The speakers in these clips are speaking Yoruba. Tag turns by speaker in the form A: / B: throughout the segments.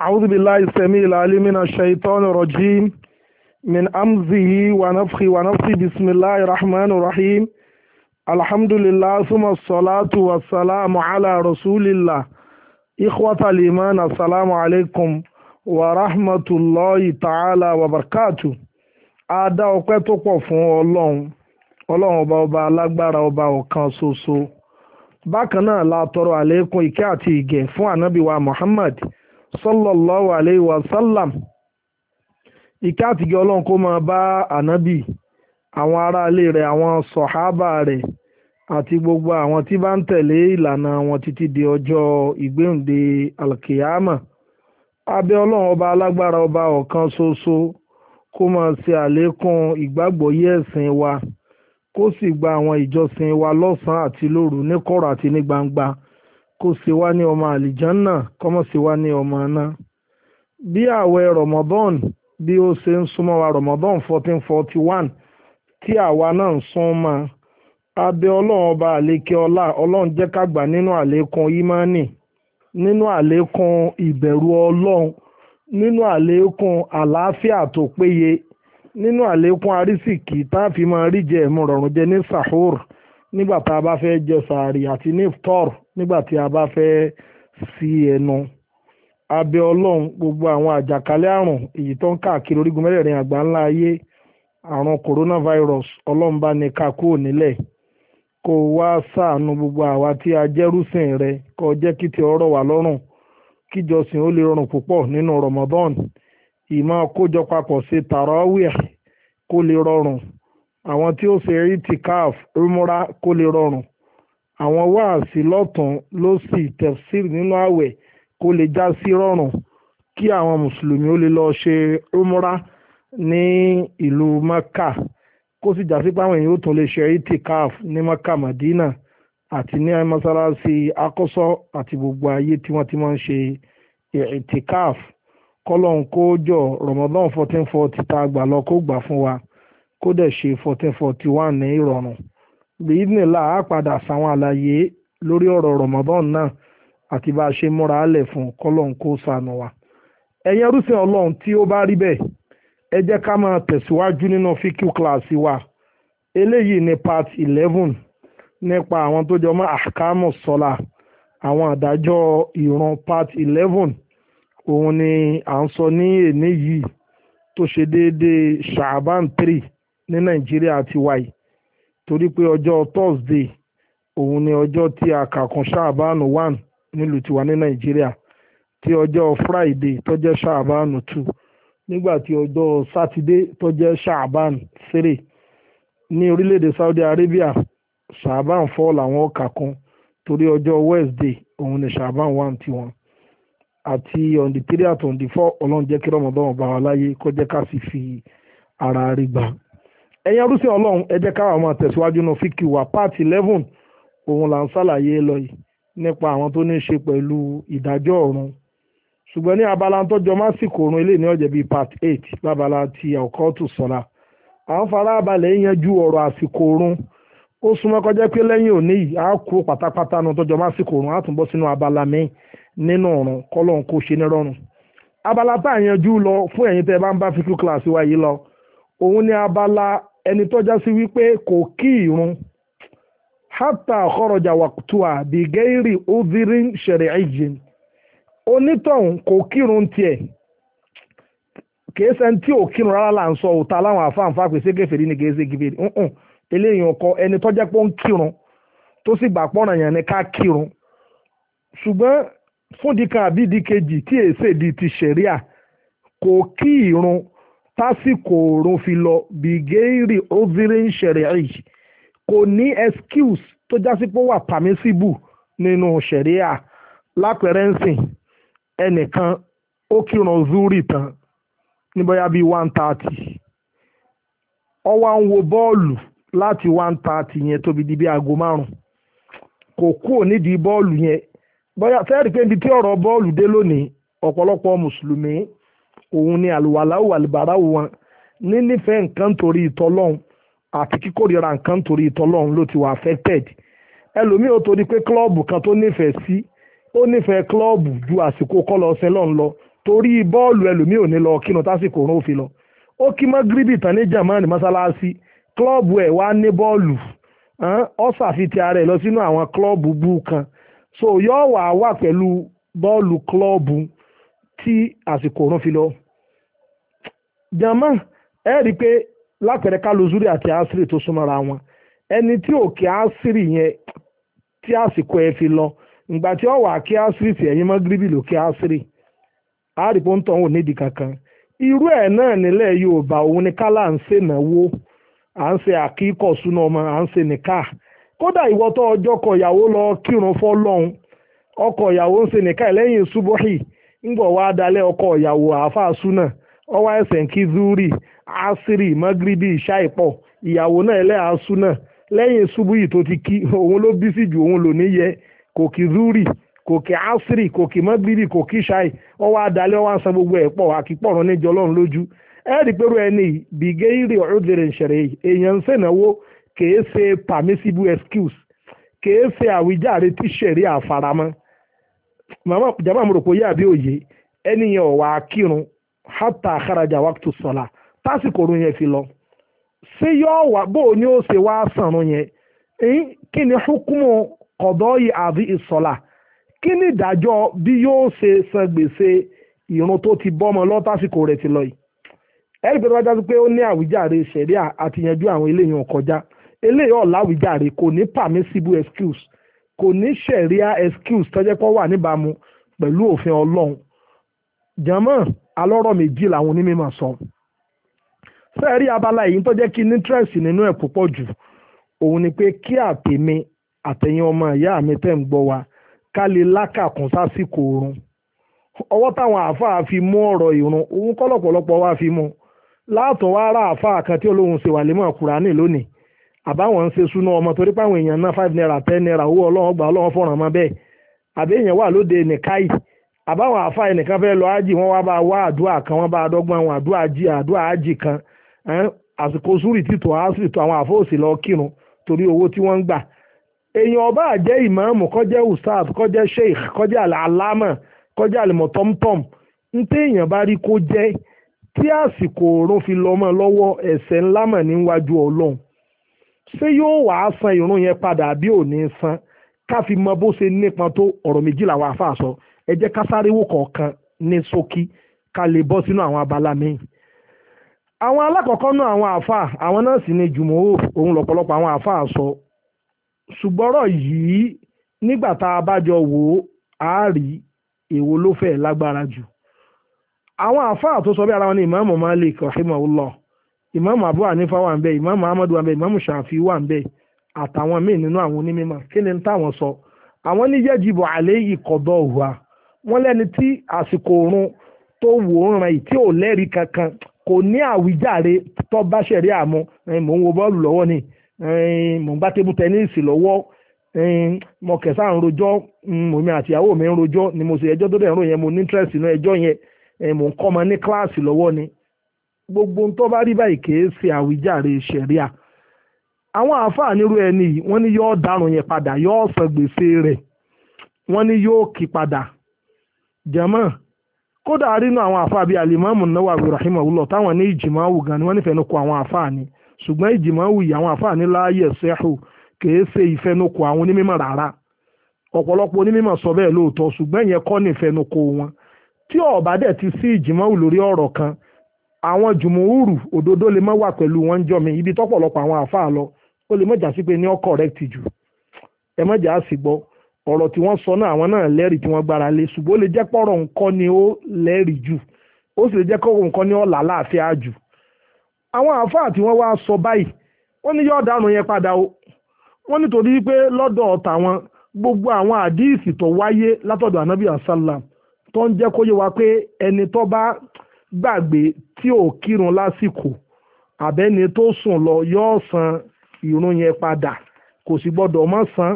A: أعوذ بالله السميع العليم من الشيطان الرجيم من أمزه ونفخه ونفسي بسم الله الرحمن الرحيم الحمد لله ثم الصلاة والسلام على رسول الله إخوة الإيمان السلام عليكم ورحمة الله تعالى وبركاته ada ọpẹ́ tó pọ̀ fún ọlọ́run ọlọ́run ọba ọba alágbára ọba ọ̀kan ṣoṣo bákan náà la tọrọ àlékún ìkẹ́ àti ìgẹ̀ fún ànábì Muhammad sallallahu alayhi wa sallam ìkẹ́ àtìgẹ́ ọlọ́run kó máa bá ànábì àwọn aráalé rẹ̀ àwọn sọ̀hábà rẹ̀ àti gbogbo àwọn tí bá ń tẹ̀lé ìlànà wọn títí di ọjọ́ ìgbéǹde alkiyama abẹ́ ọlọ́run ọba alágbára ọba ọ̀kan ṣoṣo kó máa ṣe àlékún ìgbàgbọ́yé ẹ̀sìn wa kó sì gba àwọn ìjọsìn wa lọ́sàn-án àti lóru ní kọ̀rọ̀ àti ní gbangba kó ṣe wá ní ọmọ àlìjánná kọ́mọ́ ṣe wá ní ọmọ iná bí ààwẹ̀ Ramadan bí ó ṣe ń súnmọ́ wa Ramadan fourteen forty one tí àwa náà ń sún mọ́ abẹ́ ọlọ́run ọba àlékè ọlá ọlọ́run jẹ́ ká gbà nínú àlékún ìmánì nínú àlékún ìbẹ̀rù ọlọ́run nínú àlékún àlàáfíà tó péye nínú àlékún arísìkì tá a fi máa ríjẹ ẹ̀mú rọ̀rùn jẹ ní sahur nígbà tá a bá fẹ́ jẹ sàárì àti niftor nígbà tí a bá fẹ́ sí ẹnu abẹ ọlọ́run gbogbo àwọn àjàkálẹ̀ àrùn èyí tó ń káàkiri orígun mẹ́rẹ̀ẹ̀rin àgbà ńlá ayé àrùn coronavirus ọlọ́run bá ní ká kúrò nílẹ̀ kó wá ṣàánú gbogbo àwa tí a jẹ́rúsìn rẹ kó jẹ́ kí ti ọ̀rọ̀ wà lọ́rùn kíjọsìn ó lè rọrùn púpọ̀ nínú Ramadan ìmọ̀ kójọ papọ̀ ṣe tàràwíà kó lè rọrùn àwọn tí ó ṣe itikaf umra kó lè rọrùn àwọn wáàsí lọ́tún lósì tefsir nínú ààwẹ̀ kó lè já sí rọrùn kí àwọn mùsùlùmí ó lè lọ ṣe umra ní ìlú maka kó sì já sí pé àwọn èèyàn ó tún lè ṣe itikaf ní maka madina àti ní mọ́sálásí akọ́sọ́ àti gbogbo ayé tí wọ́n ti máa ń ṣe itikaf kọ́lọ́n kó jọ Ramadan fourteen forty tá a gbà lọ kó gbà fún wa kó dẹ̀ ṣe forty forty one ní ìrọ̀rùn bíìdínlá á padà sáwọn àlàyé lórí ọ̀rọ̀ Ramadan náà àti bá a ṣe múra álẹ̀ fún kọ́lọ́n kó sànù wa ẹ̀yin ẹrúsìn ọlọ́run tí ó bá rí bẹ́ẹ̀ ẹ jẹ́ ká máa tẹ̀síwájú nínú fíkú kíláàsì wa eléyìí ní part eleven nípa àwọn tó jọ mọ́ àkámọ̀ sọ́la àwọn àdájọ́ ìran part eleven òun ni à ń sọ ní èní yìí tó ṣe déédéé Sha'ban three ní nàìjíríà ti wáyé torí pé ọjọ́ thursday òun ni ọjọ́ tí a kà kún ṣáàbánu one nílùú tiwa ní nàìjíríà tí ọjọ́ friday tọ́jẹ́ ṣáàbánu two nígbà tí ọjọ́ saturday tọ́jẹ́ ṣáàbánu three ní orílẹ̀-èdè saudi arabia ṣáàbánu four làwọn kà kún torí ọjọ́ wednesday òun ni ṣáàbánu one tiwọn àti on the three àti on the four ọlọ́run jẹ́ kí rọmọdọ́n bá wa láyé kó ká sì fi ara rí gbà ẹ̀yin arúsẹ̀ ọlọ́run ẹ jẹ́ káwọn máa tẹ̀síwájú náà fíkì wá part eleven òun là ń ṣàlàyé lọ yìí nípa àwọn tó ní í ṣe pẹ̀lú ìdájọ́ ọ̀run ṣùgbọ́n ní abala tó jọ másìkò ọ̀run eléyìí ní ọ̀jẹ̀ bíi part eight lábala ti ọ̀kọ́ọ̀tù sọ̀la àwọn farabalẹ̀ yanjú ọ̀rọ̀ àsìkò ọ̀run ó súnmọ́ kọjá pé lẹ́yìn òní yìí á kú pátápátá nu tó jọ másìkò ọ̀run á tún bọ́ sínú abala míì nínú ọ̀run kọ́lọ́n kó ṣe ní rọrùn abala tá à yanjú lọ fún ẹ̀yin tẹ́ bá ń bá fíkú kíláàsì wa yìí lọ òun ni abala ẹni si sí wípé kò kí ìrun hátà àkọ́rọ̀jà wàkùtùà bí gẹ́rì udhirin shar'iyyin onítọ̀hún kò kírun tiẹ̀ kìí sẹ́ni tí ò kírun rárá là ń sọ òta láwọn àfáàǹfà pèsè gẹ̀fẹ̀rí ni gẹ̀ẹ́sì gẹ̀fẹ̀rí eléyìí ọkọ ẹni tọ́já pé ó ń kírun tó sì gbà pọ́n ràn yàn ní ká kírun ṣùgbọ́n fúndìkan àbídìkejì tí èsè ti ṣẹ̀ríà kò kí tásìkò òòrùn fi lọ bìgẹ́rì ovirin ṣẹ̀rẹ̀ì kò ní excuse tó jásí pé ó wà permissible nínú ṣẹ̀ríà lápẹ̀rẹ̀ ń sìn ẹnìkan ó kírun zuri tán ní bóyá bíi one thirty ó wá ń wo bọ́ọ̀lù láti one thirty yẹn tóbi di bíi aago márùn kò kúrò nídìí bọ́ọ̀lù yẹn bóyá fẹ́ẹ́ rí pé ibi tí ọ̀rọ̀ bọ́ọ̀lù dé lónìí ọ̀pọ̀lọpọ̀ mùsùlùmí òun ni àlùwàlá òwàlùbàrà wọn nínífẹ̀ẹ́ nǹkan torí ìtọ́lọ́hún àti kíkórira nǹkan torí ìtọ́lọ́hún ló ti wà affected ẹlòmíì ó torí pé kan tó nífẹ̀ẹ́ sí ó nífẹ̀ẹ́ ju àsìkò lọ torí bọ́ọ̀lù ẹlòmíì ò ní lọ kínú tásìkò òun ò fi lọ ó kí mọ́ gíríbì tán ní jamani mọ́sálásí klọ́ọ̀bù ẹ̀ wá ní bọ́ọ̀lù kan so yóò wà wà pẹ̀lú bọ́ọ̀lù tí àsìkò òrùn fi lọ jama ẹ rí i pé lápẹẹrẹ ká àti asiri tó súnmọ́ra wọn ẹni tí òkè asiri yẹn tí àsìkò ẹ fi lọ ìgbà tí ó wà kí asiri tí ẹ̀yin mọ́ gíríbì lòkè asiri a rí i pé ó ń tọ́ òun nídìí kankan irú náà nílẹ̀ Yorùbá òun ni kálá ń ṣe náwó à ń ṣe àkíkọ̀ súná ọmọ à ń ṣe nìka kódà ìwọ ọjọ́ ìyàwó lọ kírun fọ́ ìyàwó ngbọ̀ wá dalẹ̀ ọkọ ìyàwó àáfàá súnà ọwọ́ ẹsẹ̀ ń kí zuri asiri magribi ṣàìpọ̀ ìyàwó náà ẹlẹ́yà súnà lẹ́yìn ṣubú yìí tó ti kí òun ló bí sí ju òun lò níyẹ kò kí zuri kò kí asiri kò magribi kò kí ṣàì ọwọ́ adalẹ̀ ọwọ́ àṣà gbogbo ẹ̀ pọ̀ àkípọ̀rọ̀ níjọ lọ́run lójú ẹ̀rí pẹ̀lú ẹni bìgẹ́rì ọ̀dẹ̀rẹ̀ ìṣẹ̀rẹ̀ èèyàn ń sènàwó kèé ṣe permissible excuse kèé ṣe àwíjàre tíṣẹ̀rí àfaramọ́ màmá jàmbá mo rò pé yá àbí òye ẹni yẹn ò wá kírun hátà àkàràjà wákìtù sọ̀la tásìkò orun yẹn fi lọ ṣé yóò wá bó o ní ó ṣe wá sànrun yẹn kí ni hukumu ọ̀dọ́ yìí àbí ìsọ̀la kí ni ìdájọ́ bí yóò ṣe san gbèsè ìrun tó ti bọ́mọ lọ́tàsìkò rẹ̀ ti lọ yìí ẹ̀rí pé tó pé ó ní àwíjàre ṣẹ̀ríà àti àwọn eléyìí ọ̀kọjá eléyìí ọ̀làwíjàre kò ní permissible excuse kò ní sẹ̀ríà excuse tọ́jẹ́ pọ́ wà níbàámu pẹ̀lú òfin ọlọ́run jàmọ́ alọ́rọ̀ méjì làwọn onímọ̀ sọ sẹ́ẹ̀rí abala èyí tó jẹ́ kí ní interest nínú ẹ̀ púpọ̀ jù òun ni pé kí àtèmi àtẹ̀yìn ọmọ ìyá mi tẹ̀ ń gbọ́ wa ká lè lákàkún sásìkò oorun ọwọ́ táwọn àáfàá fi mú ọ̀rọ̀ ìrun òun kọ́ lọ́pọ̀lọpọ̀ wá fi mú láàtọ̀ wá ra àáfàá kan tí olóhùn ṣe wà lẹ́mọ̀ Kùránì lónìí àbáwọn ń ṣe súná ọmọ torí páwọn èèyàn ná five naira ten naira owó ọlọ́wọ́ gbà ọlọ́wọ́ fọ̀ràn mọ́ bẹ́ẹ̀ àbí èèyàn wà lóde nìkáì àbáwọn àfa ẹnìkan fẹ́ lọ ájì wọ́n wá bá wá àdúrà kan wọ́n bá dọ́gbọ́n àwọn àdúrà ájì àdúrà ájì kan àsìkò súrì títò àásìrì tó àwọn àfọ́òsì lọ kírun torí owó tí wọ́n ń gbà èèyàn ọba àjẹ́ ìmáàmù kọjẹ́ ustaz kọjẹ́ sheikh kọjẹ́ aláàmà kọjẹ́ àlìmọ̀tọ́mtọ́m ń tẹ́ èèyàn bá rí kó jẹ́ tí àsìkò òórùn fi lọ́mọ lọ́wọ́ ẹ̀ṣẹ̀ ńlámà níwájú ọlọ́run ṣé yóò wàá san irun yẹn padà àbí ò ní san ká fi mọ bó ṣe nípọn tó ọ̀rọ̀ méjìlá wa fà sọ ẹ jẹ́ ká sáré wò kọ̀ọ̀kan ní ṣókí ká lè bọ́ sínú àwọn abala míì àwọn alákọ̀ọ́kọ́ náà àwọn àáfà àwọn náà sì ni jùmọ̀wò òun lọ̀pọ̀lọpọ̀ àwọn àáfà sọ ṣùgbọ́rọ̀ yìí nígbà tá a bá jọ wò ó a rí èwo ló fẹ́ lágbára jù àwọn àáfà tó sọ bí ara wọn ni Imam Malik rahimahullah ìmáàmù abu hanifa wà ń bẹ ìmáàmù ahmadu wà ń bẹ ìmáàmù shafi wà ń bẹ àtàwọn míì nínú àwọn onímọ̀ kí ni táwọn sọ àwọn ní yẹjibọ àlẹ́ ìkọ̀dọ̀ òhùa wọ́n lẹ́ni tí àsìkò oorun tó wò ó ràn yìí tí ò lẹ́rìí kankan kò ní àwíjàre tó bá ṣẹ̀rí àmú mò ń wo bọ́ọ̀lù lọ́wọ́ ni mò ń gbá tébù tẹ́níìsì lọ́wọ́ mo kẹsà ń rojọ́ mò mi àti mi ń rojọ́ ni mo sì ẹjọ́ tó dẹ̀ ń ròyìn mo ní gbogbo ń tọ́ bá rí báyìí kì í ṣe àwíjàre ṣẹ̀ríà àwọn àáfàá nírú ẹni yìí wọ́n ní yóò dárun yẹn padà yóò san gbèsè rẹ̀ wọ́n ní yóò kí padà jẹ̀mọ́ kódà rínú àwọn àáfàá bíi alimami Nawawi rahimahullah táwọn ní ìjìmọ̀ awù gan ni wọ́n nífẹ̀ẹ́ nukú àwọn àáfàá ni ṣùgbọ́n ìjìmọ̀ awù yìí àwọn àáfàá ní láàyè sẹ́hù kìí ṣe ìfẹnukò àwọn onímọ̀ rárá ọ̀pọ̀lọpọ̀ onímọ̀ sọ bẹ́ẹ̀ lóòótọ́ ṣùgbọ́n ìyẹn kọ́ ní ìfẹnukò wọn tí ó dẹ̀ ti sí ìjìmọ̀ awù lórí ọ̀rọ̀ kan àwọn jùmùúrù òdodo lè má wà pẹ̀lú wọn jọ mi ibi tọ́pọ̀lọpọ̀ àwọn àáfàá lọ ó lè mọ̀jà sí pé ní ọ́ correct jù ẹ mọ̀jà á sì gbọ́ ọ̀rọ̀ tí wọ́n sọ náà àwọn náà lẹ́rìí tí wọ́n gbára lé ṣùgbọ́n ó lè jẹ́ pọ̀rọ̀ nǹkan ni ó lẹ́rìí jù ó sì lè jẹ́ kọ́rọ̀ nǹkan ni ó là láàfíà jù àwọn àáfàá tí wọ́n wá sọ báyìí wọ́n ní yóò dànù yẹn padà o wọ́n nítorí pé lọ́dọ̀ ọ̀tà gbogbo àwọn àdíìsì tó wáyé látọ̀dọ̀ ànábì àsálàm tó ń jẹ́ kó wa pé ẹni tó bá gbàgbé tí ò kírun lásìkò àbẹ́ni tó sùn lọ yóò san ìrun yẹn padà kò sì gbọ́dọ̀ mọ́ san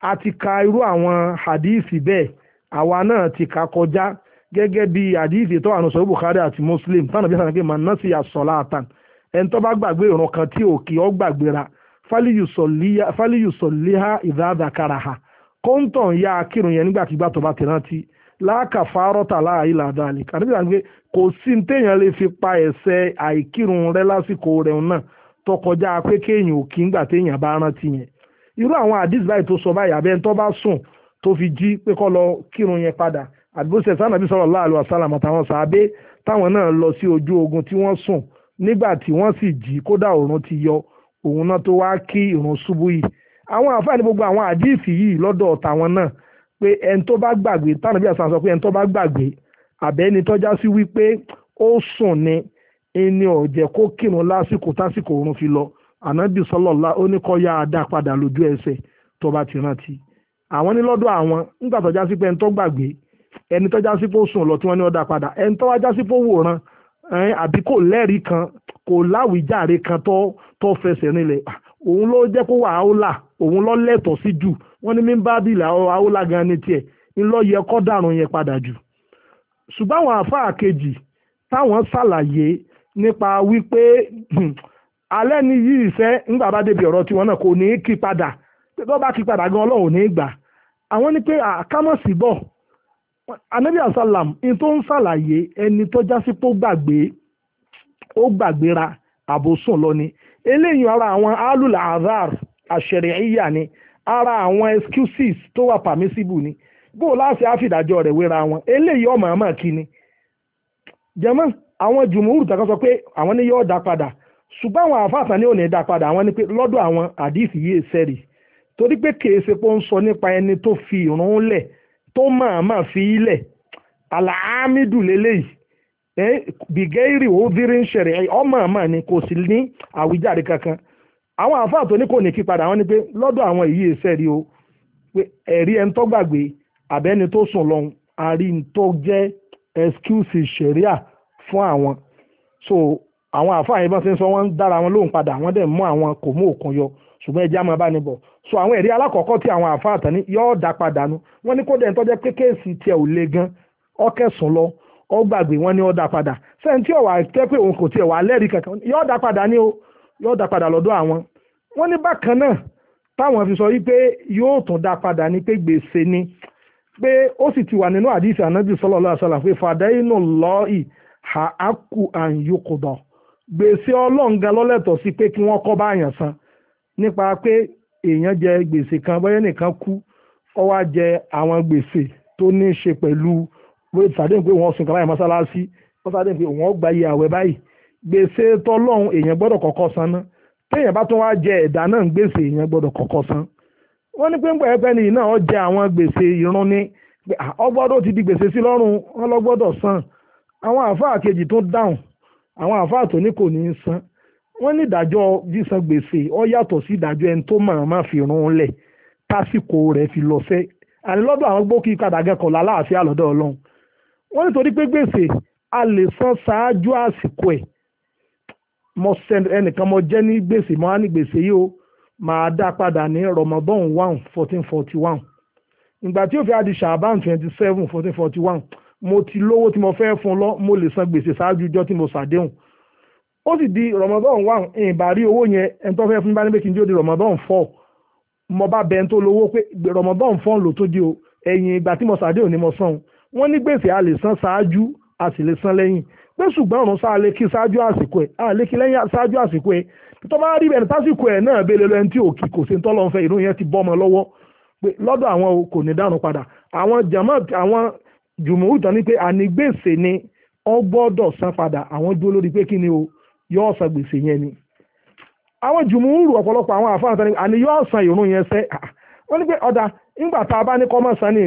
A: a ti ka irú àwọn hadisi bẹ́ẹ̀ àwa náà ti ka kọjá gẹ́gẹ́ bí hadisi tó àrùn sọ̀rọ̀ Bukhari àti Muslim tánà bí sàrànkì mà nọ́ọ̀sì àsọ̀lá àtàn ẹni tó bá gbàgbé ìrun kan tí ò kí ó gbàgbéra fáliyùsọ̀líhá ìdá àdàkàrà ha kóńtọ̀ ń yá akírun yẹn nígbàkigbà tó bá ti rántí láàkàfàárọ̀tà láàyè làdáàlì ànábì sàn pé kò sí téèyàn lè fi pa ẹ̀ṣẹ̀ àìkírun rẹ lásìkò rẹ̀ náà tọkọjá pé kéèyàn ò kí ngbà téèyàn bá rántí yẹn irú àwọn àdìs báyìí tó sọ báyìí àbẹ́ tó bá sùn tó fi jí pé kó lọ kírun yẹn padà àdìbòsẹ̀ sànàbí sallallahu alaihi wasallam àtàwọn sàábé táwọn náà lọ sí ojú ogun tí wọ́n sùn nígbà tí wọ́n sì jí kódà òòrùn ti yọ òun náà tó wáá kí ìrun ṣubú yìí àwọn àfáàní gbogbo àwọn àdìsí yìí lọ́dọ̀ tàwọn náà pé ẹni tó bá gbàgbé tàbí àṣà sọ pé ẹni tó bá gbàgbé àbẹ́ni tọ́já sí wípé ó sùn ni ẹni ọ̀jẹ̀ kó kírun lásìkò tásìkò oorun fi lọ ànábì sọlọ́lá ó ní kó yá dá padà lójú ẹsẹ̀ tó bá ti rántí àwọn ní lọ́dọ̀ àwọn nígbà tọ́já sí pé ẹni tó gbàgbé ẹni tọ́já sí pé ó sùn lọ tí wọ́n ní padà ẹni tó sí pé ó wòran àbí kò lẹ́rìí kan kò kan tó fẹsẹ̀ òun ló jẹ́ kó ó là òun lọ lẹ́tọ̀ọ́ sí jù wọ́n ní mímbádìlà àwòlá gan ni tiẹ̀ ńlọ yẹ kọ́ dàrún yẹn padà jù ṣùgbọ́n àwọn àfáà kejì táwọn ṣàlàyé nípa wípé hmm, alẹ́ ni yìí fẹ́ ńgbà bá débi ọ̀rọ̀ tiwọn náà kò ní í kí padà tó bá kí padà gan ọlọ́run ní gbà àwọn ní pé àkámọ̀sí bọ̀ anabi asalam ní tó ń ṣàlàyé ẹni tó jásí pé ó gbàgbé ó gbàgbéra àbòsùn lọ ni eléyìí ara àwọn alùlà azar àṣẹ̀rẹ̀ẹ́yà ni ara àwọn excuses tó wà permissible ni bó láti àfìdájọ́ rẹ̀ wéra wọn eléyìí ọmọ àmọ́ kíni jẹ́mọ́ àwọn jùmùúrù tàkà sọ pé àwọn ní yóò dá padà ṣùgbọ́n àwọn àfáàtà ní ò ni dá padà àwọn ní pé lọ́dọ̀ àwọn àdìsí yìí sẹ́rì torí pé kèé ṣe ń sọ nípa ẹni tó fi ìrun lẹ̀ tó fi ni kò sì kankan àwọn àáfàá tó ní kò ní kí padà wọ́n ní pé lọ́dọ̀ àwọn èyí ẹsẹ̀ rí o pé ẹ̀rí ẹni tó gbàgbé àbẹ́ni tó sùn lọ àrí tó jẹ́ excuse ṣẹ̀ríà fún àwọn so àwọn àáfàá yẹn bá ti ń sọ wọ́n dára wọn lóhùn padà wọ́n dẹ̀ mú àwọn kò mú òkun yọ ṣùgbọ́n ẹja máa bá ní bọ̀ so àwọn ẹ̀rí alákọ̀ọ́kọ́ tí àwọn àáfàá tán ní yọ́ọ́ dá padà nu wọ́n ní kó dẹ̀ ń tọ́jẹ́ pé kéèsì tiẹ̀ ò le gan ọ̀kẹ́sùn lọ ọ gbàgbé wọn ni ọ dá padà sẹ́ńtì ọ̀wà jẹ́ pé òun kò tiẹ̀ wà lẹ́rìí kankan yọ dá padà ni o yóò dá padà lọ́dọ̀ àwọn wọ́n ní bákan náà táwọn fi sọ wípé yóò tún dá padà ní pé gbèsè ni pé ó sì ti wà nínú àdìsí ànábì sallallahu alaihi wasallam pé fàdá inú lọ́ọ̀ì ha aku an yukudo gbèsè ọlọ́ǹga lọ́lẹ́tọ̀ sí pé kí wọ́n kọ́ bá àyàn san nípa pé èèyàn jẹ gbèsè kan bọ́yẹ́ nìkan kú ó wá jẹ àwọn gbèsè tó ní í ṣe pẹ̀lú wọ́n sàdéhùn pé wọ́n sùn kàbáyé mọ́sálásí wọ́n sàdéhùn pé wọ́n gbáyé àwẹ̀ báyìí gbèsè tọlọ́hún èèyàn gbọ́dọ̀ kọ́kọ́ san ná téèyàn bá tún wá jẹ ẹ̀dá náà gbèsè èèyàn gbọ́dọ̀ kọ́kọ́ san wọ́n ní pé ń pẹ̀lẹ́pẹ́ ni náà ó jẹ àwọn gbèsè ìrun ní ọgbọ́dọ̀ ti di gbèsè sí lọ́rùn wọn lọ́gbọ́dọ̀ san àwọn àáfàá kejì tó dáhùn àwọn àáfàá tó ní kò ní í san wọ́n ní ìdájọ́ sísan gbèsè ó yàtọ̀ sí ìdájọ́ ẹni tó màmá fi run lẹ̀ tásìkò rẹ̀ fi lọ sẹ́ àní lọ́dọ̀ àwọn gbókì kàdàgẹ́kọ̀ọ́ lálàáfíà lọ́dọ̀ ọlọ́run wọ́n nítorí pé gbèsè a lè san ṣáájú àsìkò ẹ̀ mo send ẹnìkan mo jẹ́ ní gbèsè mo á ní gbèsè yìí o máa dá padà ní rọmọbọ́n one fourteen forty one ìgbà tí ó fi adi ṣàbán twenty seven fourteen forty one mo ti lówó tí mo fẹ́ fún lọ mo lè san gbèsè ṣáájú ọjọ́ tí mo ṣàdéhùn ó sì di rọmọbọ́n one ìbá rí owó yẹn ẹni tó fẹ́ fún bá ní kí n jó di rọmọbọ́n four mo bá bẹ ẹni tó lówó pé rọmọbọ́n four ló tó di o ẹ̀yìn ìgbà tí mo ṣàdéhùn ni mo san wọ́n ní gbèsè a lè san ṣáájú a sì lè san lẹ́yìn pé ṣùgbọ́n ọ̀run sáà lè kí ṣáájú àsìkò ẹ̀ à lè kí lẹ́yìn ṣáájú àsìkò ẹ̀ tó bá rí bẹ́ẹ̀ tásìkò ẹ̀ náà bẹ́ẹ̀ lọ ẹni tí òkì kò sí tọ́lọ́ fẹ́ ìrun yẹn ti bọ́mọ lọ́wọ́ pé lọ́dọ̀ àwọn kò ní dárun padà àwọn jama àwọn jùmọ̀ ìtàn ni pé ànígbèsè ni ọ gbọ́dọ̀ san padà àwọn dúró lórí pé kí ni o yóò san gbèsè yẹn ni àwọn jùmọ̀ rù ọ̀pọ̀lọpọ̀ àwọn àfáàntàn ni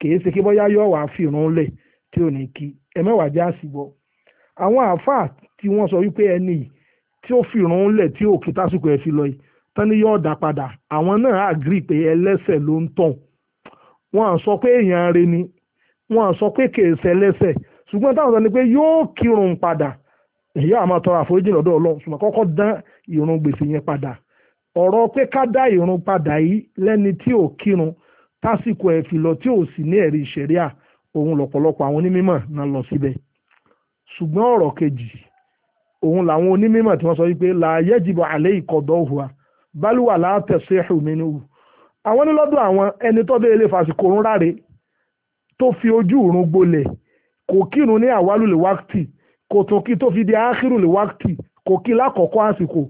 A: kìí ṣe kí bóyá yóò wá fìrún lẹ̀ tí ò ní kí ẹ mẹ́wàá já sí bọ́ àwọn àáfàá tí wọ́n sọ wípé ẹni tí ó fìrún lẹ̀ tí ò kí tásìkò ẹ̀ fi lọ yìí tán ni yóò dá padà àwọn náà àgírí pé ẹlẹ́sẹ̀ ló ń tàn wọ́n à sọ pé èèyàn rẹ ni wọ́n à sọ pé kìí ṣe ẹlẹ́sẹ̀ ṣùgbọ́n táwọn sọ ni pé yóò kírun padà èyí á máa tọrọ àforíjì lọ́dọ̀ ọlọ́run ṣùgbọ́n kọ́kọ́ dán ìrun gbèsè yẹn padà ọ̀rọ̀ pé ká dá ìrun tásìkò ẹ̀ fi lọ tí ò sì ní ẹ̀rí ìṣẹ̀ríà òun lọ̀pọ̀lọpọ̀ àwọn onímọ̀ náà lọ síbẹ̀ ṣùgbọ́n ọ̀rọ̀ kejì òun làwọn onímọ̀ tí wọ́n sọ wípé làáyé jìbọ̀ àlẹ́ ìkọ̀dọ̀ òhùwà báluwà látẹ̀sẹ̀ ìhùmínú àwọn nílọ́dọ̀ àwọn ẹni tó dé ilé fàṣíkò òun ráre tó fi ojú òun gbolẹ̀ kò kírun ní àwálùlẹ̀ wákìtì kò tún kí tó fi di áhírùlẹ̀ wákìtì kò kí lákọ̀ọ́kọ̀ àsìkò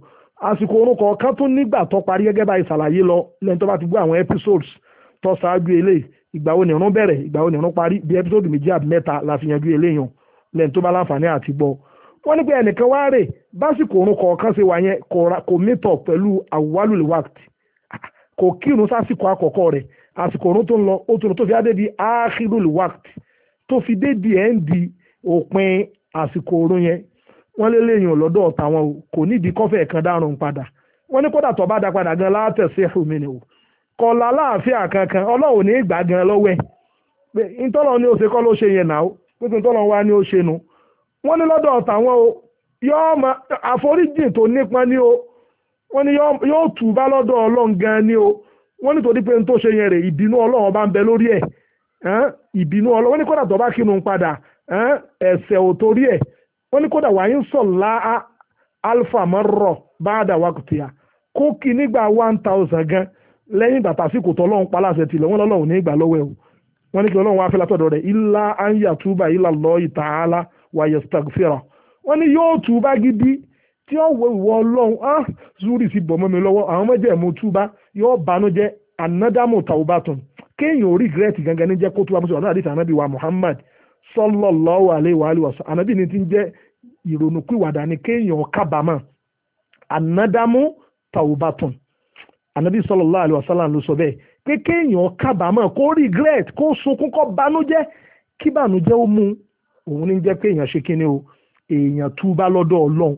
A: àsìkò òun kọ̀ọ̀kan tún nígbà tó parí gẹ́gẹ́ bá ìsàlàyé lọ lẹ́yìn tó bá ti gbọ́ àwọn episodes tó ṣáájú eléyìí ìgbà wo nìrún bẹ̀rẹ̀ ìgbà wo nìrún parí bí ẹpísọ́dù méjì àbí mẹ́ta la fi yanjú eléyìí lẹ́yìn tó bá láǹfààní àti gbọ́ wọ́n ní pé ẹnìkan wá rè básìkò òun kọ̀ọ̀kan ṣe wà yẹn kò mítọ̀ pẹ̀lú àwálùlù wákìtì kò kírun sásìkò àkọ́kọ́ rẹ̀ àsìkò òun tó ń lọ ó tún tó fi á débi áhírùlù wákìtì tó fi débi ẹ̀ ń di òpin àsìkò òun yẹn wọ́n lé léyìn lọ́dọ̀ ọ̀tàwọn kò nídìí kọ́fẹ́ kan dárun padà wọ́n ní kódà tó bá dá padà gan látẹ̀sí ẹ̀hùn mi ni kọla láàfíà kankan ọlọ́run ní ìgbà gan lọ́wọ́ ẹ̀ pé ntọ́lọ́ ni ó kọ́ ló ṣe yẹn náà pé ntọ́lọ́ wa ni ó nu wọ́n ní lọ́dọ̀ o yóò ma àforíjìn tó nípa ní o wọ́n ní yóò tù bá lọ́dọ̀ ọlọ́run gan ni o wọ́n ní torí pé n ṣe yẹn ìbínú ọlọ́run lẹ́yìn ìgbà tàsíkò tó ọlọ́run paláṣẹ tilẹ̀ wọ́n lọ́lọ́run ní ìgbà lọ́wọ́ ẹ̀ o wọ́n ní kí ọlọ́run wáá fẹ́ látọ̀dọ̀ rẹ̀ ilá anya túbà ilá lọ ìtàhálà wàyẹ̀ stagfira wọ́n ní yóò túbá gidi tí ó wọ ìwọ ọlọ́run ah zuri ti bọ̀ mọ́ mi lọ́wọ́ àwọn mẹ́jẹ̀mú túbá yóò banújẹ́ anadamu taubatun kéèyàn orí gírẹ́ẹ̀tì gangan ní jẹ́ kó túbá mọ́sọ̀rọ̀ àdìsí ànábì wa Muhammad sallallahu alaihi wa alihi wa sallam ànábì ni ti ń jẹ́ ìrònúkúwàdà ni kéèyàn kábàámọ̀ anadamu taubatun ànábì sallallahu alaihi wasallam ló sọ bẹ́ẹ̀ pé kéèyàn kábàámọ̀ kó regret kó sunkún kó banújẹ́ kí bànújẹ́ ó mú òun ní jẹ́ pé èèyàn ṣe kíni o èèyàn túbá lọ́dọ̀ ọlọ́run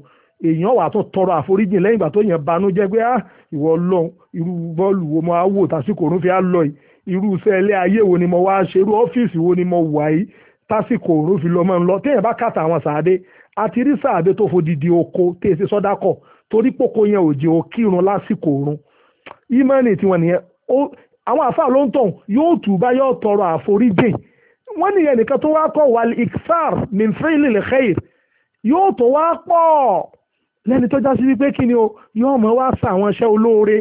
A: èèyàn wà tó tọrọ àforíjìn lẹ́yìn ìgbà tó yẹn banújẹ́ pé ah ìwọ ọlọ́run irú bọ́ọ̀lù wo mo á wò tásìkò òrùn fi á lọ yìí irú iṣẹ́ ilé ayé wo ni mo wá ṣe irú ọ́fíìsì wo ni mo wà yìí tásìkò òrùn fi lọ mọ́ ń lọ téèyàn bá kàtà àwọn sàádé àti rí sàádé tó fodidi oko téèsì sọ́dákọ̀ torí pòkó yẹn ò jẹ́ òkírun lásìkò òrùn ìmánì tiwọn nìyẹn àwọn àfáà ló ń tàn yóò tùbá yóò tọrọ àforíjìn wọ́n nìyẹn nìkan tó wá kọ́ wàl iksar min fílì lè xeyr yóò tó wá pọ̀ lẹ́ni tó já sí wípé kí ni o yóò mọ̀ wá sa àwọn iṣẹ́ olóore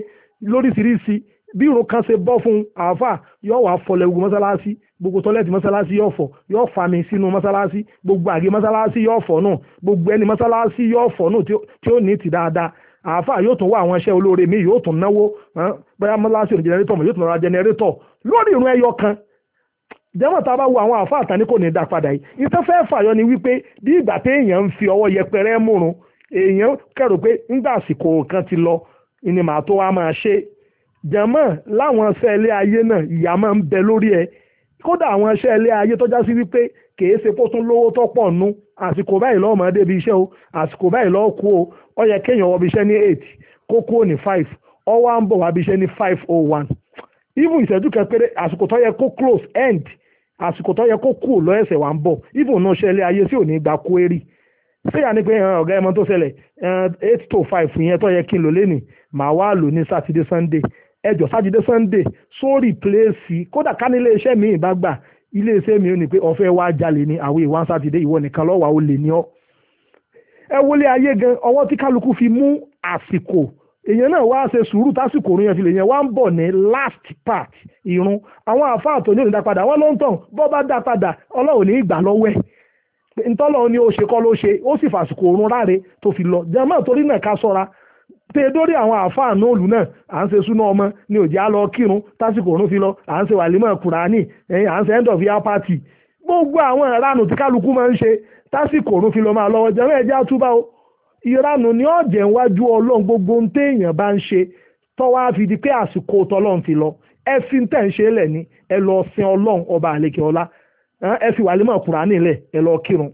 A: lóríṣiríṣi bí irun kan ṣe bọ́ fún àáfà yóò wá fọlẹ̀ gbogbo mọ́sálásí gbogbo tọ́lẹ́tì mọ́sálásí yóò fọ̀ yóò fa mi sínú mọ́sálásí gbogbo àgé mọ́sálásí yóò fọ̀ náà gbogbo ẹni mọ́sálásí yóò fọ̀ náà tí ó ní ti dáadáa àáfàá yóò tún wá àwọn iṣẹ́ olóore mi yóò tún náwó bóyá mọ́láṣí òní jẹnẹrétọ̀ mọ̀ yóò tún ra jẹnẹrétọ̀ lórí ìrún ẹyọ kan jẹ́mọ̀ tá a bá wo àwọn àáfàá àtàní kò ní dá padà yìí ìtàn fẹ́ fàyọ ni wípé bí ìgbà téèyàn ń fi ọwọ́ yẹpẹrẹ múrun èèyàn kẹrò pé ńgbà àsìkò kan ti lọ ni màá tó wá máa ṣe jẹ́mọ̀ láwọn iṣẹ́ ilé ayé náà ìyà máa ń bẹ lórí ẹ kódà àwọn iṣẹ́ ilé ayé tó já sí wípé kèé ṣe kó tún lówó tó pọ̀ nú àsìkò báyìí lọ́ọ́ máa débi iṣẹ́ o àsìkò báyìí lọ́ọ́ kú o ó yẹ kéèyàn wọbi iṣẹ́ ní eight kó kúrò ní five ó wá ń bọ̀ wábi iṣẹ́ ní five o oh one even ìṣẹ́jú kẹpẹ́rẹ́ àsìkò tó yẹ kó close end àsìkò tó yẹ kó kú lọ ẹsẹ̀ wà ń bọ̀ even náà ṣẹlẹ̀ ayé tí ò ní gba kúérì ṣéyà ni pé ọ̀gá ẹ̀mọ́ tó ṣẹlẹ̀ eight to five yẹn tó yẹ kí n lò lẹ́nìí màá wá lò ní sunday ẹjọ́ sátidé sunday sórí pléèsì mi ìbá ile mi ò ní pé ọ̀fẹ́ wa jalè ní àwọn ìwà sátidé ìwọ nìkan lọ́wọ́ ò lè ní ọ́ ẹ wọlé ayé gan ọwọ́ tí kálukú fi mú àsìkò èèyàn náà wá ṣe sùúrù tásìkò òrùn yẹn yẹn wá ń bọ̀ ní last part irun àwọn àfáà tó ní òní dá padà ló ń tàn bọ́ bá dá padà ọlọ́run ni ó ṣe kọ́ ló ṣe ó sì ráre tó lọ torí tẹ dórí àwọn àáfàá nóòlù náà à ń ṣe súná ọmọ ni òjì á lọ kírun tásìkò òun fi lọ à ń ṣe wàlímọ̀ kùránì à ń ṣe end of year party gbogbo àwọn ìranù tí kálukú máa ń ṣe tásìkò òun fi lọ máa lọ́wọ́ jẹun ẹ̀jẹ̀ àtúbà o ìranù ni ọ̀jẹ̀ ńwájú ọlọ́run gbogbo ń téèyàn bá ń ṣe tọ́wọ́ á fi di pé àsìkò tọ́lọ́run fi lọ ẹ fi ń tẹ̀ ń ṣe lẹ̀ ni ẹ lọ sin ọlọ́run ọba àlekè ọlá ẹ fi wàlímọ̀ kùránì lẹ̀ ẹ lọ kírun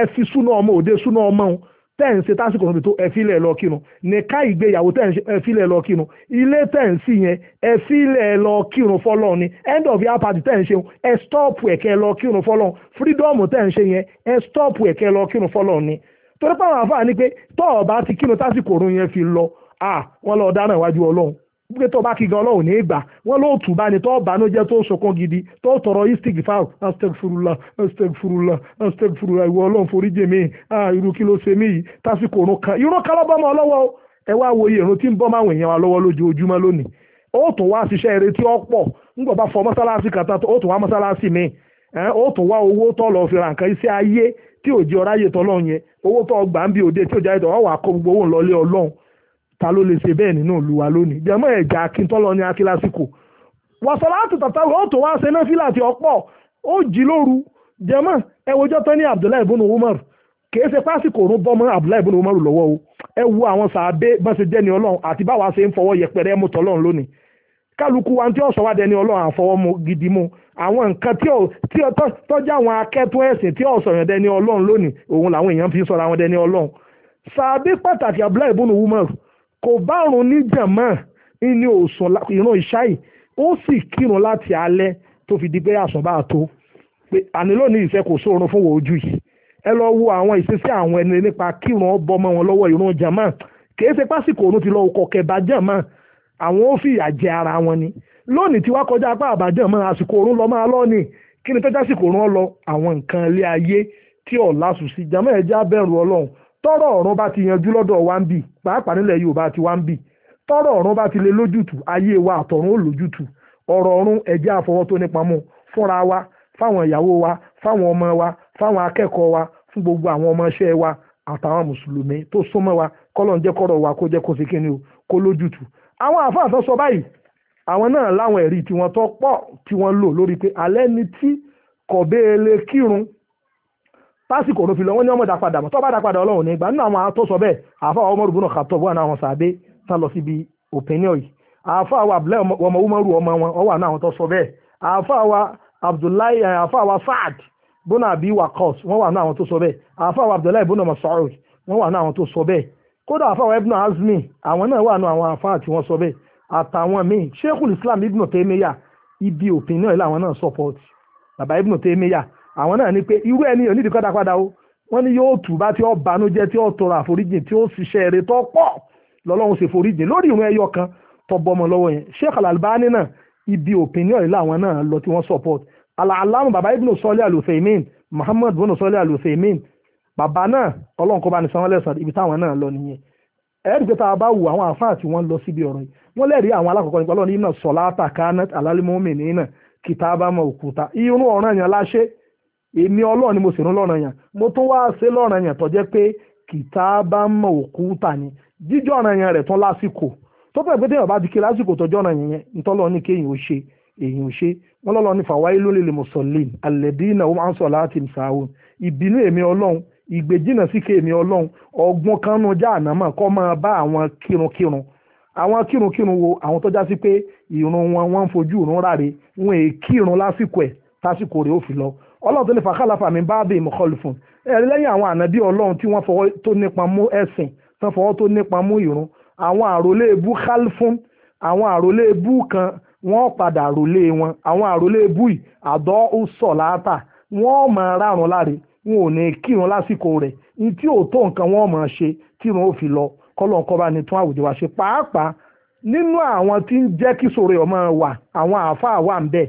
A: ẹ fi súná ọmọ òde súná ọmọ òun tẹ̀ ń ṣe tásìkò níbi tó ẹ̀fílẹ̀ lọ kírun nìka ìgbéyàwó tẹ̀ ń ṣe ẹ̀fílẹ̀ lọ kírun ilé tẹ̀ ń sì yẹn ẹ̀fílẹ̀ lọ kírun fọlọ́run ni end of year party tẹ̀ ń ṣe ẹ̀ stop ẹ̀kẹ́ lọ kírun fọlọ́run freedom tẹ̀ ń ṣe yẹn ẹ̀ stop ẹ̀kẹ́ lọ kírun fọlọ́run ni torí pàwọn àfáà ni pé tọ́ọ̀ bá ti kírun tásìkò òrun yẹn fi lọ ah wọ́n lọ dáná iwájú ọlọ́run gbé tó bá kí gan ọlọ́run ní ìgbà wọn ló tù bá ní tó tó gidi tó tọrọ istik fáwọn astagfurula astagfurula astagfurula ìwọ ọlọ́run foríjì mi irú kí ló ṣe mí yìí tásìkò òrùn kan irú kan lọ́bọ́ mọ́ ọlọ́wọ́ ẹ wá wo ìrún tí ń bọ́ máwọn èèyàn wa lọ́wọ́ lójoojúmọ́ lónìí ó tún wá ṣiṣẹ́ eré tí ó pọ̀ bá fọ kàtà ó tún wá owó tó lọ fi ta ló lè ṣe bẹ́ẹ̀ nínú ìlú wa lónìí jẹ́mọ́ ẹ̀já akíntọ́lọ ní akílásìkò wàsàlá àtúntàtà lọ́wọ́ tó wá ṣe náà fílà àti ọ̀pọ̀ ó jí lóru jẹ́mọ́ ẹwọ́jọ́ tán ní Abdullahi ibùnú Umar kìí ṣe pásìkò òun bọ́mọ́ Abdullahi ibùnú Umar lọ́wọ́ o ẹ wo àwọn sàábé bọ́n jẹ́ni ọlọ́run àti báwa ṣe ń fọwọ́ yẹpẹrẹ mú tọ́lọ́run lónìí kálukú wa tí ó sọ wá dẹni ọlọ́run àfọwọ́ mu gidi mu àwọn nǹkan tí tọ́jà àwọn akẹ́tọ́ ẹ̀sìn tí ó sọ yàn dẹni ọlọ́run lónìí òun làwọn èèyàn fi sọ̀rọ̀ àwọn dẹni ọlọ́run sàábé pàtàkì Abdullahi ibùnú Umar kò bá rùn ní jàmá ní òsùn ìran ìṣáì ó sì kírun láti alẹ́ tó fi di pé àsùn bá tó pé àní lónìí ìṣe kò sóorun fún wọn ojú yìí ẹ lọ wo àwọn ìṣesí àwọn ẹni nípa kírun ọbọ mọ wọn lọ́wọ́ ìran jàmá kì í ṣe pásìkò òun ti lọ ọkọ̀ kẹba jàmá àwọn ó fìyà jẹ ara wọn ni lónìí tí wàá kọjá apá àbájọ mọ àsìkò òun lọ máa lọ ni kí ni tó jásìkò òun lọ àwọn nǹkan ilé ayé tí ọ̀la sùn sí jàmá ẹ̀ já bẹ̀rù ọlọ́run tọ́rọ̀ ọ̀run bá ti yanjú lọ́dọ̀ wa ń bì pàápàá nílẹ̀ Yorùbá ti wa ń bì tọ́rọ̀ ọ̀run bá ti lè lójútù ayé wa àtọ̀run ó lójútù ọ̀rọ̀ ọ̀run ẹ̀jẹ̀ àfọwọ́ tó nípa mu fúnra wa fáwọn ìyàwó wa fáwọn ọmọ wa fáwọn akẹ́kọ̀ọ́ wa fún gbogbo àwọn ọmọọṣẹ́ wa àtàwọn mùsùlùmí tó súnmọ́ wa kọ́lọ̀ ń jẹ́ kọ́rọ̀ wa kó jẹ́ kó ṣe kíni o kó lójútù àwọn àfáà tó sọ báyìí tásìkò ló fi lọ wọ́n ní ọmọ dá padà mọ́ tó bá dá padà ọlọ́run nígbà nínú àwọn tó sọ bẹ́ẹ̀ àfa àwọn ọmọ rúbùnà kàtọ́ wà náà wọn sàbẹ́ tá lọ síbi opinion yìí àfa àwọn abdullahi ọmọ umaru ọmọ wọn ọwà náà wọn tó sọ bẹ́ẹ̀ àfa àwọn abdullahi eh, àfa àwọn saad bọ́nà àbí wakọ́s wọ́n wà náà wọn tó sọ bẹ́ẹ̀ àfa àwọn abdullahi bọ́nà masoud wọ́n wà náà wọn tó sọ bẹ́ẹ̀ kódà àfa àwọn ibn azmi àwọn náà wà náà àwọn àfa àti wọn sọ bẹ́ẹ̀ àtàwọn míì sheikhul islam ibn taymiya ibi opinion yìí làwọn náà support ibn taymiya àwọn náà ní pé irú ẹni ò ní ìdíkọ́dá padà o wọ́n ní yóò tù bá tí ó banújẹ́ tí ó tọrọ àforíjìn tí ó ṣiṣẹ́ eré tó pọ̀ lọ́lọ́run ṣe foríjìn lórí ìrún ẹyọ kan tó bọ́mọ lọ́wọ́ yẹn Sheikh Al-Albani náà ibi opinion ìlà àwọn náà lọ tí wọ́n support alaalamu baba ibn sọlẹ alufeimin Muhammad ibn sọlẹ alufeimin baba náà Ọlọ́run kó bá ní sanwó lẹ́sàn ibi táwọn náà lọ nìyẹn ẹ̀rí pé tá a bá wù àwọn àfáà tí wọ́n lọ síbi ọ̀rọ̀ yìí wọ́n lẹ́rìí àwọn alákọ̀ọ́kọ́ nípa Ọlọ́run yìí náà sọ̀lá àtàkánná alálẹ́mọ́mìnì náà kìtàbámọ̀ òkúta irun ọ̀ràn yẹn láṣẹ́ èmi ọlọ́run ni mo sì rún lọ́ràn yàn mo tún wá ṣe lọ́ràn yàn tó jẹ́ pé kìtà bá ń mọ òkú tà ní jíjọ́ ọ̀ràn yàn rẹ̀ tán lásìkò tó pẹ̀ pé téèyàn bá ti ké lásìkò tọ́jọ́ ọ̀ràn yàn yẹn ntọ́lọ́ ní kéèyàn ó ṣe èèyàn ó ṣe wọ́n lọ́lọ́ ní fàwáyé ló lè lè mọ̀ sọ̀lẹ̀ àlẹ́bí ìnáwó máa ń sọ̀ láti ṣàwọn ìbínú èmi ọlọ́run ìgbèjìnà sí kéèmí ọlọ́run ọgbọ́n kanú jáànámà kọ́ máa bá àwọn kírunkírun àwọn kírunkírun wo àwọn tó já sí pé ìrun wọn wọn ń fojú ìrun ráre wọn èé kírun lásìkò ẹ̀ tásìkò rẹ̀ ó fi lọ ọlọ́run tó ní fàkàlàfà mi bá bè mọ́kọ́lù fún ẹ̀rí lẹ́yìn àwọn ànábì ọlọ́run tí wọ́n fọwọ́ tó nípa mú ẹ̀sìn tán fọwọ́ tó nípa mú ìrun àwọn àròlé ebú kálífún àwọn àròlé ebú kan wọ́n padà àròlé wọn àwọn àròlé ebú yìí àdọ́ sọ̀ láàtà wọ́n máa rárun láre wọn ò ní kírun lásìkò rẹ̀ ní tí ò tó nǹkan wọ́n máa ṣe kírun ó fi lọ kọ́lọ́n kọ́ bá ní tún àwùjọ wa ṣe pàápàá nínú àwọn tí ń jẹ́ kí sòrè ọmọ wà àwọn àáfàá wà ń bẹ́ẹ̀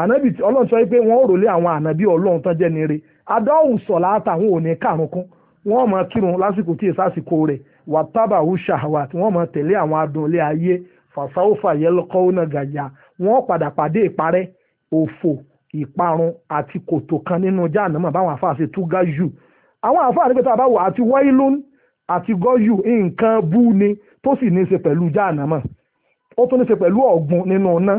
A: ànábì tí ọlọ́run sọ pé wọ́n rò lé àwọn ànábì ọlọ́run tán jẹ́ nire adáhùn sọ̀lá àtàwọn ò ní kàrún kún wọ́n máa kírun lásìkò tí ìsásìkò rẹ̀ wà tábà hù ṣàwà tí wọ́n máa tẹ̀lé àwọn adùn ilé ayé fàṣàwọ́fà yẹlọkọ́ ọ̀nà gàjà wọ́n padà pàdé ìparẹ́ òfò ìparun àti kòtò kan nínú jáànámà báwọn àfáà ṣe tú gáyù àwọn àfáà ní pé tá a bá wò àti wáìlón àti gọ́yù nǹkan bú ni tó sì ní í ṣe pẹ̀lú jáànámà ó tún ní í ṣe pẹ̀lú ọ̀gbun nínú náà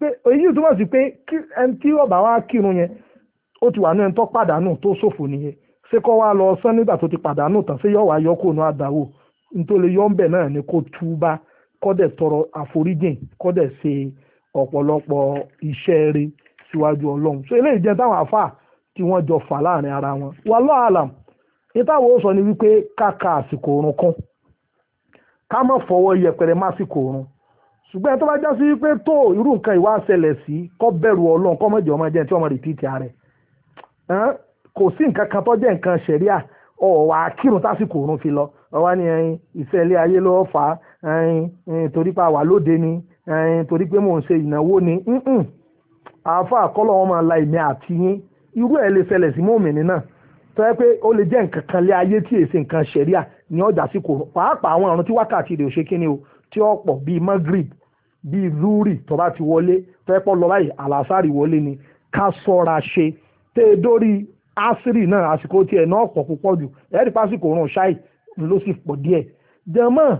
A: pé èyí túmọ̀ sí pé ẹni tí ọba wa kírun yẹn ó ti wà ní ẹni tó pàdánù tó ṣòfò nìyẹn ṣé kọ́ wa lọ sán nígbà tó ti pàdánù tán ṣé yọ̀wá yọ kó nu àdáwò nítorí yọ̀ ń bẹ̀ náà ni kó túbá kọ́dẹ̀ tọrọ àforíjìn kọ́dẹ̀ ṣe ọ̀pọ̀lọpọ̀ iṣẹ́ síwájú ọlọ́run so eléyìí jẹ́ táwọn àfáà tí wọ́n jọ fà láàrin ara wọn ìtawọ̀ ó ṣùgbọ́n ẹ tó bá já sí pé tó irú nǹkan ìwà ṣẹlẹ̀ sí kó bẹ̀rù ọlọ́run kó má jẹ́ ọmọ jẹ́ tí ọmọ rìpíìtì ààrẹ kò sí nǹkan kan tó jẹ́ nǹkan ṣẹ̀ríà ọ̀wà kírun tásìkò òrun fi lọ ọwọ́ ni ìfẹ́ ilé ayé ló fà á torí pé àwà lóde ni torí pé mò ń ṣe ìnáwó ni àáfà kọ́lọ́ wọn máa la ìmí àti yín irú ẹ̀ lè ṣẹlẹ̀ sí mọ́mìnì náà tó yẹ pé ó lè jẹ́ nǹkan kan lé ayé tí èsì nǹkan ṣẹ̀ríà ní ọjà síkò pàápàá àwọn àrùn tí wákàtí rè ò ṣe kíni o tí ó pọ̀ bíi magrib bíi zuri tó bá ti wọlé tó ẹ pọ̀ lọ báyìí àlàsárì wọlé ni ká sọ́ra ṣe tẹ́ ẹ dórí asiri náà àsìkò tiẹ̀ náà pọ̀ púpọ̀ jù ẹ̀rí pásìkò rún ṣáì ló sì pọ̀ díẹ̀ jẹ̀mọ́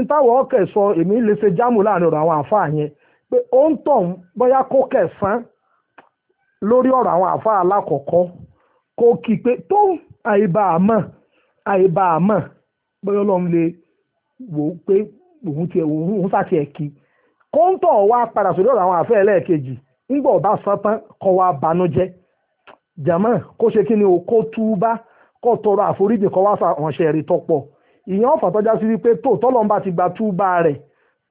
A: ìtawọ̀ ọkẹ̀ sọ èmi lè ṣe jámù láàrin ọ̀rọ̀ àwọn àfáà yẹn pé ó ń tọ̀ bóyá kó kẹsàn-án lórí ọ̀rọ̀ àwọn àfáà alákọ̀ọ́kọ́ kó kí pé tó àìbá àmọ́ àìbá àmọ́ bóyá ọlọ́run lè wò ó pé òun tiẹ̀ òun sàti ẹ̀ kí kóńtọ̀ wa padà sórí ọ̀rọ̀ àwọn àfẹ́ ẹlẹ́ẹ̀kejì ńgbọ̀ ọba sọ́tán kọ́ wa banújẹ́ jàmọ́ kó ṣe kí ni o kó túbá kó tọrọ àforíjì kọ́ wa sàrànṣẹ́ rí tọ́pọ̀ ìyẹn ọ̀fà tọ́já sí wípé tó tọ́lọ́n bá ti gba túbá rẹ̀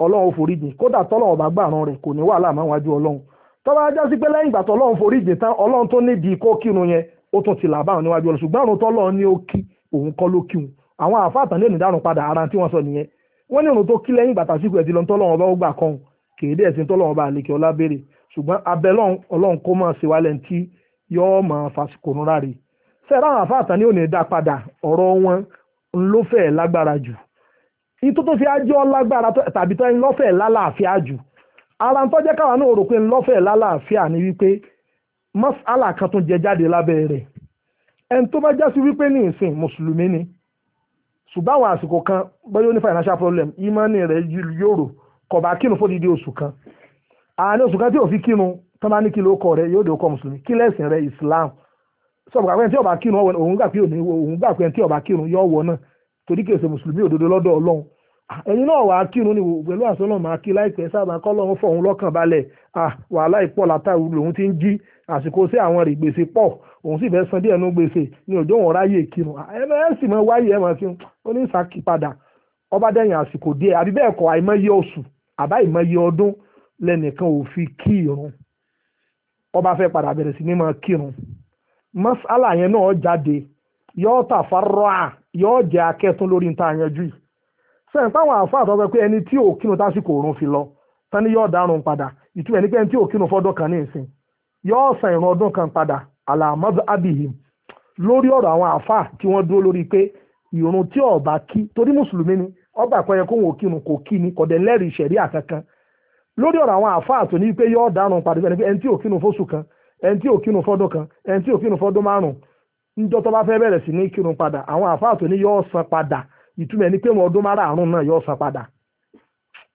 A: ọlọ́run foríjì kódà tọ́lọ́run bá gbàrán rẹ̀ kò ní wàhálà máa wájú ọlọ́run tọ́ba ajá sí pé lẹ́yìn ìgbà tọ́lọ́run foríjì tán ọlọ́run tó nídìí kó kírun yẹn ó tún ti làbáwọn níwájú ọlọ́run ṣùgbọ́n àrùn tọ́lọ́run ní ó kí òun kọ́ ló kírun àwọn àfáàtàn lè ní dárùn padà ara tí wọ́n sọ nìyẹn wọ́n ní irun tó kí lẹ́yìn bàtà síkú ẹ̀ ti lọ tọ́lọ́wọ́n bá ó gbà kan kèédé ẹ̀sìn tọ́lọ́wọ́n bá àlekè ọlá béèrè ṣùgbọ́n abẹ́ ọlọ́run kó máa ṣe wálẹ̀ tí yọ́ọ́ máa fàṣìkò rúnra rè sẹ́rà àwọn àfáàtàn ní òní dá padà ọ̀rọ̀ wọn ló fẹ́ lágbára jù ìtò tó fi ájọ́ lágbára tàbí tó ń lọ́fẹ̀ẹ́ lálàáfíà jù ara ń tọ́jẹ́ káwa náà rò pé ń lọ́fẹ̀ẹ́ lálàáfíà ni wípé mọ́sálà kan tún jẹ jáde lábẹ́ rẹ̀ ẹni tó bá já sí wípé ní ìsìn mùsùlùmí ni ṣùgbọ́n àwọn àsìkò kan bóyá ó ní financial problem ìmọ̀ọ́nì rẹ̀ yòrò kọ̀bá kírun fún dídí oṣù kan àárín oṣù kan tí ò fi kírun tó bá ní kí ló kọ rẹ yóò dé okọ mùsùlùmí kí lẹ́sìn rẹ Islam sọ̀rọ̀ gbàgbé tí ọba kírun òun gbà pé òun gbà pé tí ọba kírun yóò wọ náà torí kèsè mùsùlùmí òdodo lọ́dọ̀ Ọlọ́run Ah, ẹni náà wàá kírun ni pẹ̀lú àsọ́nà máa kí láìpẹ́ sábà kọ́ lọ́hún fọ̀hún lọ́kàn balẹ̀ ah, wàhálà ìpọ̀ látàrí lòun ti ń jí àsìkò sí àwọn rè gbèsè pọ̀ òun sì fẹ́ san díẹ̀ nú gbèsè ní òjò wọn ráyè kírun ah, ẹ sì mọ wáyé ẹ máa fi ó ní sàkí padà ọba dẹ́yìn àsìkò díẹ̀ àbí bẹ́ẹ̀ kọ́ àìmọye oṣù àbá ìmọye ọdún lẹ́nìkan ò fi kírun ọba fẹ́ padà bẹ̀rẹ̀ sí ní máa kírun mọ́sálà yẹn náà jáde yọ́ọ́ tàfárọ́à yọ́ọ́ jẹ́ akẹ́tún lórí ní ta yanjú yìí sẹ́yìn táwọn àáfàá tó sọ pé ẹni tí ò kínú tásìkò fi lọ tani yóò dárun padà ìtumọ̀ ní pé ẹni tí ò kínú fọ́dún kan ní ìsìn yóò san ìrun ọdún kan padà alamadu abihim lórí ọ̀rọ̀ àwọn àáfàá tí wọ́n dúró lórí pé tí ó kí torí ni ọba àpẹẹrẹ kò kí kò lẹ́rìí ìṣẹ̀rí àkankan lórí ọ̀rọ̀ àwọn ní pé yóò padà ẹni ìtumọ̀ ẹni pé wọn ọdún márààrún náà yóò san padà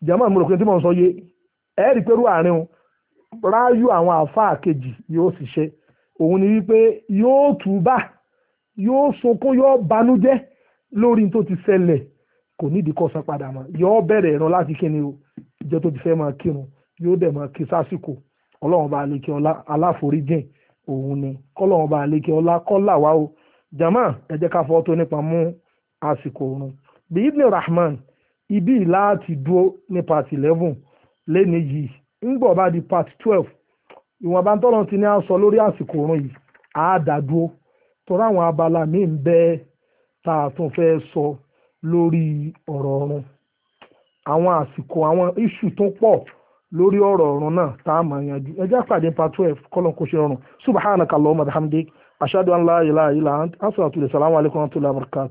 A: jẹ́mọ́ mo rò pé tí mo sọ yé ẹ rí pẹ̀lú àárín o ráyù àwọn àáfàá kejì yóò sì ṣe òun ni wípé yóò túbà yóò sunkún yóò banújẹ́ lórí tó ti ṣẹlẹ̀ kò nídìí kó san padà mọ́ yóò bẹ̀rẹ̀ ìran láti kíni o ìjọ tó ti fẹ́ máa kírun yóò dẹ̀ máa kí sásìkò ọlọ́run bá lékè ọlá aláforíjìn òun ni kọ́lọ́run bá lékè ọlá kọ́là wá o jàmá ẹ ká fọ́ tó nípa mú àsìkò oorun bíbélì rahman ibi láti dúó ní part eleven lẹ́ni yìí ńgbọ̀ bá di part twelve ìwọ̀nba tọ́lọ́ ti ní à ń sọ lórí àsìkò yìí á dà dúó àwọn abala míì ń bẹ tún fẹ́ sọ lórí ọ̀rọ̀ ọ̀run àwọn àsìkò àwọn iṣu tó pọ̀ lórí ọ̀rọ̀ ọ̀run náà tá a máa yanjú ẹ jẹ́ pàdé part twelve ṣe wa rahmatulahi wa